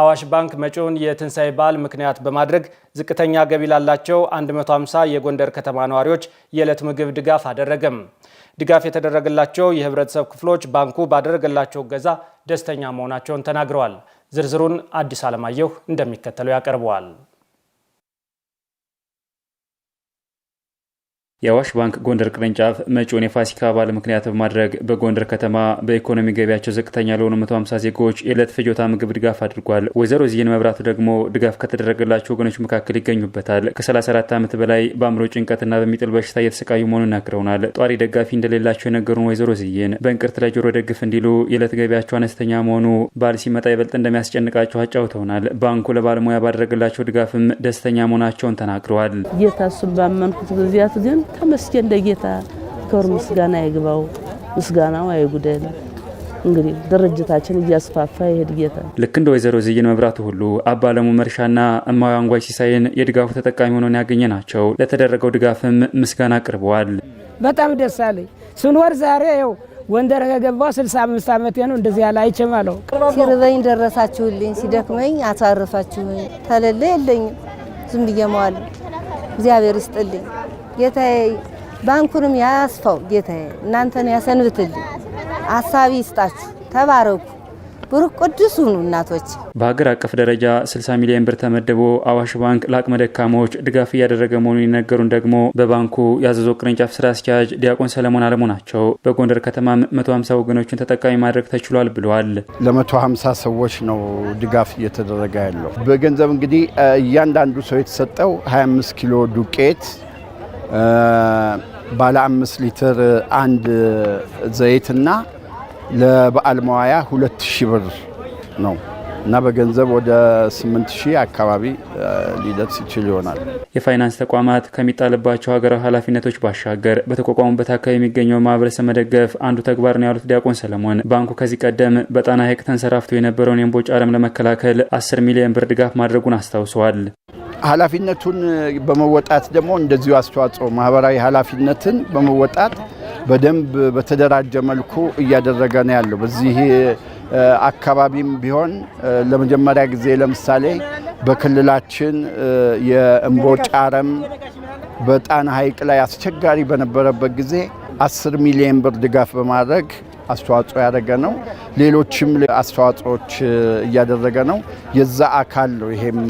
አዋሽ ባንክ መጪውን የትንሣኤ በዓል ምክንያት በማድረግ ዝቅተኛ ገቢ ላላቸው 150 የጎንደር ከተማ ነዋሪዎች የዕለት ምግብ ድጋፍ አደረገም። ድጋፍ የተደረገላቸው የህብረተሰብ ክፍሎች ባንኩ ባደረገላቸው እገዛ ደስተኛ መሆናቸውን ተናግረዋል። ዝርዝሩን አዲስ አለማየሁ እንደሚከተለው ያቀርበዋል። የአዋሽ ባንክ ጎንደር ቅርንጫፍ መጪውን የፋሲካ በዓል ምክንያት በማድረግ በጎንደር ከተማ በኢኮኖሚ ገቢያቸው ዝቅተኛ ለሆኑ 150 ዜጎች የዕለት ፍጆታ ምግብ ድጋፍ አድርጓል። ወይዘሮ ዚህን መብራቱ ደግሞ ድጋፍ ከተደረገላቸው ወገኖች መካከል ይገኙበታል። ከ34 ዓመት በላይ በአእምሮ ጭንቀትና በሚጥል በሽታ እየተሰቃዩ መሆኑን ነግረውናል። ጧሪ ደጋፊ እንደሌላቸው የነገሩን ወይዘሮ ዚን በእንቅርት ላይ ጆሮ ደግፍ እንዲሉ የዕለት ገቢያቸው አነስተኛ መሆኑ በዓል ሲመጣ ይበልጥ እንደሚያስጨንቃቸው አጫውተውናል። ባንኩ ለባለሙያ ባደረገላቸው ድጋፍም ደስተኛ መሆናቸውን ተናግረዋል። ጌታ እሱን ባመንኩት ጊዜያት ግን ተመስገን ለጌታ ክብር ምስጋና ይግባው፣ ምስጋናው አይጉደል። እንግዲህ ድርጅታችን እያስፋፋ ይሄድ ጌታ። ልክ እንደ ወይዘሮ ዝይን መብራቱ ሁሉ አባ አለሙ መርሻና እማዊ አንጓይ ሲሳይን የድጋፉ ተጠቃሚ ሆነን ያገኘ ናቸው። ለተደረገው ድጋፍም ምስጋና አቅርበዋል። በጣም ደስ አለኝ ስንወር ዛሬ ው ጎንደር ከገባው 65 ዓመቴ ነው። እንደዚህ ያለ አይችም አለው። ሲርበኝ ደረሳችሁልኝ፣ ሲደክመኝ አሳርፋችሁኝ። ተለለ የለኝም ዝም ብዬ መዋል። እግዚአብሔር ይስጥልኝ። ጌታዬ ባንኩንም ያስፋው ጌታዬ፣ እናንተን ያሰንብትልኝ፣ አሳቢ ይስጣችሁ፣ ተባረኩ፣ ብሩክ ቅዱስ ሁኑ እናቶች። በሀገር አቀፍ ደረጃ 60 ሚሊዮን ብር ተመድቦ አዋሽ ባንክ ለአቅመ ደካሞች ድጋፍ እያደረገ መሆኑን የነገሩን ደግሞ በባንኩ የአዘዞ ቅርንጫፍ ስራ አስኪያጅ ዲያቆን ሰለሞን አለሙ ናቸው። በጎንደር ከተማም 150 ወገኖችን ተጠቃሚ ማድረግ ተችሏል ብለዋል። ለ150 ሰዎች ነው ድጋፍ እየተደረገ ያለው። በገንዘብ እንግዲህ እያንዳንዱ ሰው የተሰጠው 25 ኪሎ ዱቄት ባለ አምስት ሊትር አንድ ዘይትና ለበዓል መዋያ ሁለት ሺህ ብር ነው እና በገንዘብ ወደ ስምንት ሺህ አካባቢ ሊደርስ ይችል ይሆናል። የፋይናንስ ተቋማት ከሚጣልባቸው ሀገራዊ ኃላፊነቶች ባሻገር በተቋቋሙበት አካባቢ የሚገኘው ማህበረሰብ መደገፍ አንዱ ተግባር ነው ያሉት ዲያቆን ሰለሞን ባንኩ ከዚህ ቀደም በጣና ሐይቅ ተንሰራፍቶ የነበረውን የእምቦጭ አረም ለመከላከል 10 ሚሊዮን ብር ድጋፍ ማድረጉን አስታውሰዋል። ኃላፊነቱን በመወጣት ደግሞ እንደዚሁ አስተዋጽኦ ማህበራዊ ኃላፊነትን በመወጣት በደንብ በተደራጀ መልኩ እያደረገ ነው ያለው። በዚህ አካባቢም ቢሆን ለመጀመሪያ ጊዜ ለምሳሌ በክልላችን የእምቦጭ አረም በጣና ሐይቅ ላይ አስቸጋሪ በነበረበት ጊዜ አስር ሚሊዮን ብር ድጋፍ በማድረግ አስተዋጽኦ ያደረገ ነው። ሌሎችም አስተዋጽኦች እያደረገ ነው። የዛ አካል ነው። ይሄም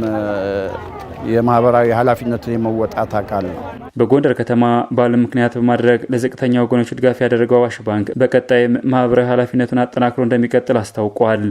የማህበራዊ ኃላፊነትን የመወጣት አካል ነው። በጎንደር ከተማ ባለ ምክንያት በማድረግ ለዝቅተኛ ወገኖች ድጋፍ ያደረገው አዋሽ ባንክ በቀጣይም ማህበራዊ ኃላፊነቱን አጠናክሮ እንደሚቀጥል አስታውቋል።